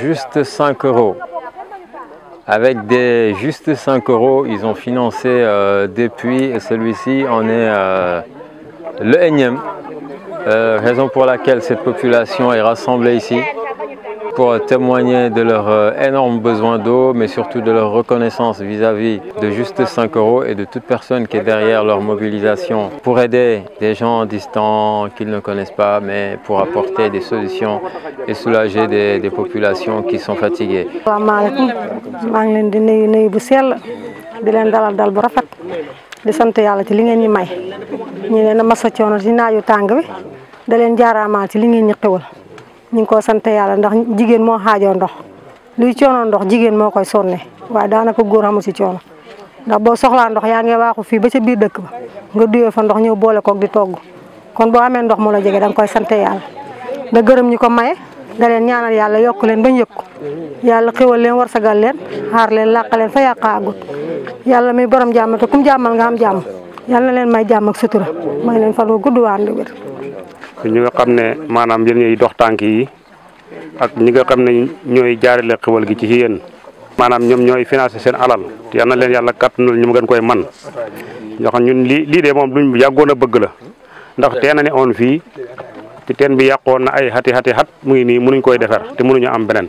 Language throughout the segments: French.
Juste 5 euros. Avec des juste 5 euros, ils ont financé euh, depuis. des et celui-ci en est euh, le énième. Euh, raison pour laquelle cette population est rassemblée ici pour témoigner de leur euh, énorme besoin d'eau, mais surtout de leur reconnaissance vis-à-vis de juste 5 euros et de toute personne qui est derrière leur mobilisation pour aider des gens distants qu'ils ne connaissent pas, mais pour apporter des solutions et soulager des, populations qui sont fatiguées. ñu ko sante yalla ndax jigen mo haajo ndox luy cionon ndox jigen mo koy sonne waaye daanaka goor amu si coono ndax bo soxla ndox ya ngi waxu fi ba ca biir dekk ba nga duyee fa ndox ñew boole ko di togg kon bo amé ndox mo la jégué dang koy sante yalla da gëreem maye da len ñaanal yalla yok len bañ yëg yalla xewal len war sagal len xaar len làq len fa yalla mi borom kum jàmmal nga am jamm yalla len may jamm ak sutura may len fa wu guddu ñu nga xam ne maanaam yéen ñooy dox tànk yi ak ñi nga xam ne ñooy jaarale xewal gi ci yéen maanaam ñoom ñooy financé seen alal te yal na leen yàlla kàttanal ñu mu gën koy man ñoo xam ñun lii lii de moom luñ yàggoon a bëgg la ndax teena ne on fii te teen bi yàqoon na ay xati mu ngi nii mënuñ koy defar te mënuñu am beneen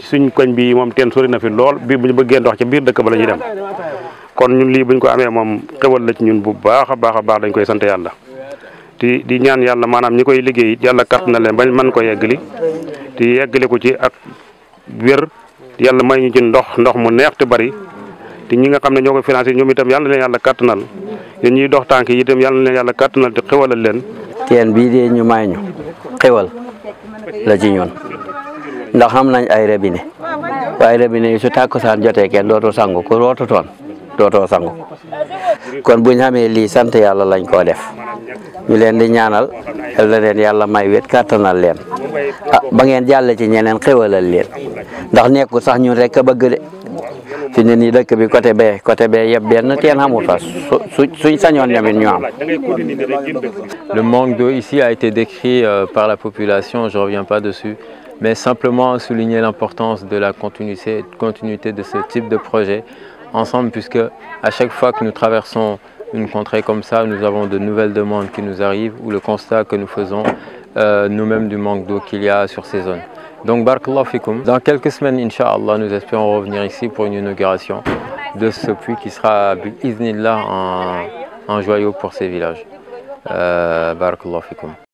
suñ koñ bi moom teen sori na fi lool bi bu ñu bëggee ndox ci biir dëkk ba la ñuy dem kon ñun lii buñ ko amee moom xewal la ci ñun bu baax a baax a baax dañ koy sant yàlla di ñaan yàlla maanaam ñi koy liggéey it yàlla kàtt na leen bañ mën ko yeggali di yeggale ko ci ak wér yàlla may ñu ci ndox ndox mu neex te bari te ñi nga xam ne ñoo ko financé ñoom itam yàlla leen yàlla kàttanal yéen ñuy dox tànk yi itam yàlla leen yàlla kàttanal te xewalal leen. teen bii de ñu may ñu xewal la ci ñun ndax am nañ ay robinet waaye robinet yi su tàkkusaan jotee kenn dootoo sangu ko rootu toon dootoo sangu kon bu xamee lii sant yàlla lañ koo def. Le manque d'eau ici a été décrit euh, par la population, je reviens pas dessus, mais simplement souligner l'importance de la continuité, continuité de ce type de projet ensemble puisque à chaque fois que nous traversons une contrée comme ça, nous avons de nouvelles demandes qui nous arrivent ou le constat que nous faisons euh, nous-mêmes du manque d'eau qu'il y a sur ces zones. Donc barakallahu fikoum. Dans quelques semaines, inshallah, nous espérons revenir ici pour une inauguration de ce puits qui sera bi'iznillah un un joyau pour ces villages. Euh, fikoum.